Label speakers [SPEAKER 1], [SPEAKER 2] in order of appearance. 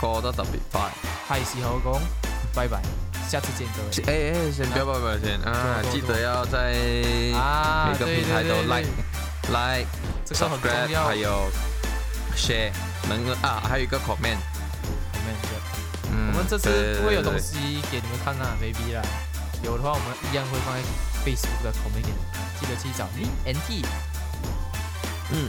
[SPEAKER 1] 過得特別快，
[SPEAKER 2] 係時候講拜拜，嗯、bye bye，下次見多。誒誒、欸，先不
[SPEAKER 1] 不不先，啊，多多記得要在每個平台都 like、啊、like、subscribe 還有 share，問啊，還有一個 comment。
[SPEAKER 2] comment，yeah. 嗯。
[SPEAKER 1] 我們這次不會有東西
[SPEAKER 2] 給你們看看啊 maybe 啦。有的話，我們一樣會放在 Facebook 的 comment，記得去找你 NT。嗯。